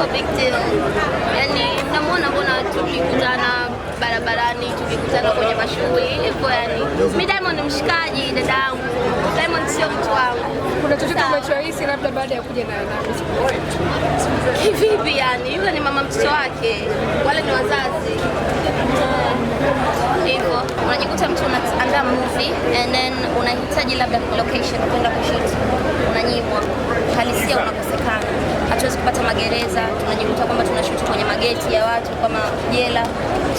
so big deal. Yani mnamuona mbona tukikutana barabarani, tukikutana kwenye mashughuli hivyo. Yani mi Diamond ni mshikaji dada yangu, Diamond sio mtu wangu. Kuna chochote unachohisi labda baada ya kuja na kivipi? Yani yule ni mama mtoto wake, wale ni wazazi hivyo. Unajikuta mtu unaandaa movie and then unahitaji labda location kwenda kushoot tukipata magereza, tunajikuta kwamba tunashuti kwenye mageti ya watu kama jela.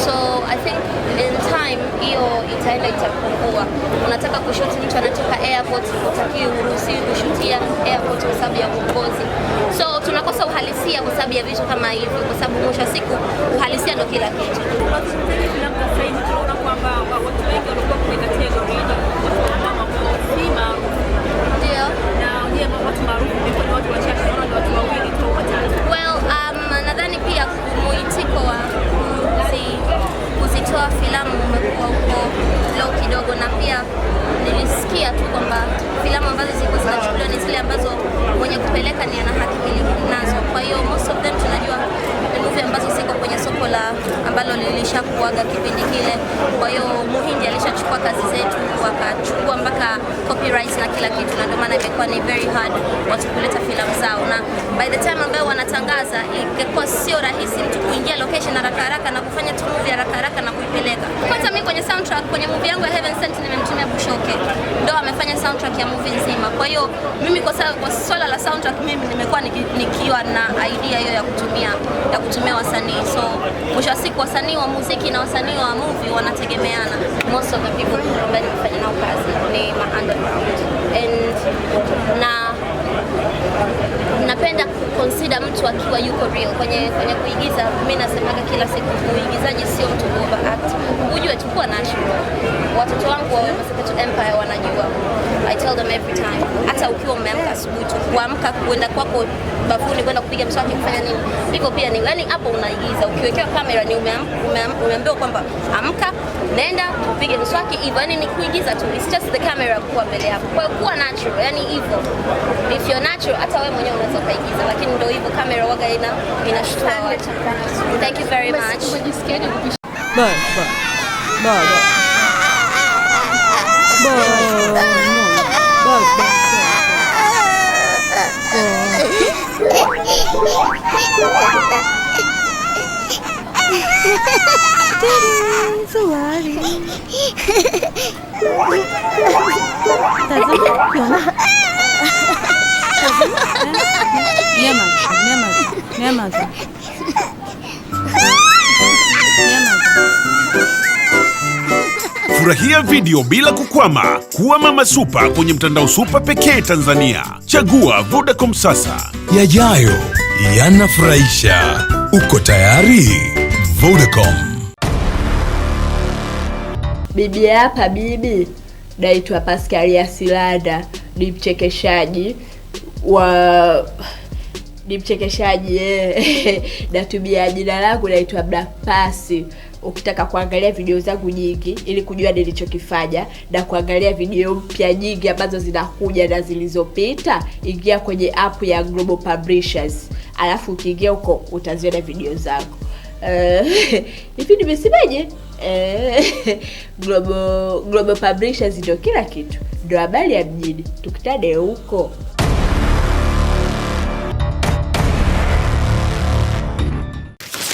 So I think in time hiyo itaenda itapungua. Unataka kushuti mtu anatoka airport, utaki uruhusi kushutia airport kwa sababu ya uongozi. So tunakosa uhalisia kwa sababu ya vitu kama hivyo, kwa sababu mwisho wa siku uhalisia ndio kila kitu. Ndio. ambalo lilishakuaga kipindi kile. Kwa hiyo Muhindi alishachukua kazi zetu, wakachukua mpaka copyright na kila kitu, na ndio maana imekuwa ni very hard watu kuleta filamu zao, na by the time ambayo wanatangaza ingekuwa sio rahisi mtu kuingia location haraka haraka na kufanya tu movie haraka haraka na kuipeleka. Kwanza mimi kwenye soundtrack kwenye movie yangu ya Heaven Sent nimemtumia Bushoke, ndo amefanya soundtrack ya movie nzima. Kwa hiyo mimi kwa kwa swala la soundtrack mimi nimekuwa nikiwa na idea hiyo ya kutumia ya kutumia wasanii so Mwisho wa siku wasanii wa muziki na wasanii wa movie wanategemeana. Most of the people ambaye nimefanya nao kazi ni ma underground. And na napenda kuconsider mtu akiwa yuko real kwenye kwenye kuigiza. Mimi nasemaga kila siku uigizaji sio mtu over act. Ujue tu natural. Watoto wangu wa Empire wanajua tell them every time, hata ukiwa umeamka asubuhi tu, kuamka kuenda kwako bafuni kwenda kupiga mswaki kufanya nini, hivyo pia ni yani, hapo unaigiza. Ukiwekewa kamera ni umeambiwa kwamba amka, nenda upige mswaki, hivyo yani ni kuigiza tu, it's just the camera kuwa mbele yako. Kwa kuwa natural, yani hivyo, if you're natural, hata wewe mwenyewe unaweza kuigiza, lakini ndio hivyo, kamera waga ina inashtua Thank you very much. Bye, Bye bye bye bye. 怎么了？再怎么？再怎么？你怎么的？你怎么的？Furahia video bila kukwama. Kuwa mama supa kwenye mtandao supa pekee Tanzania. Chagua Vodacom sasa. Yajayo yanafurahisha. Uko tayari? Vodacom. Bibi hapa bibi, naitwa Paskalia Silada, ni mchekeshaji wa ni mchekeshaji eh. natumia jina langu, naitwa Black Pass ukitaka kuangalia video zangu nyingi ili kujua nilichokifanya na kuangalia video mpya nyingi ambazo zinakuja na zilizopita, ingia kwenye app ya Global Publishers, alafu ukiingia huko utaziona video zangu eh, hivi. Nimesemaje? Eh, Global Global Publishers ndio kila kitu, ndio habari ya mjini. Tukutane huko.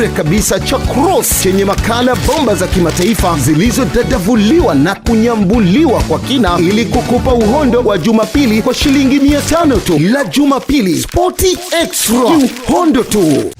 bure kabisa cha Cross chenye makala bomba za kimataifa zilizodadavuliwa na kunyambuliwa kwa kina ili kukupa uhondo wa Jumapili kwa shilingi 500 tu. La Jumapili, Sporty extra, kiuhondo tu.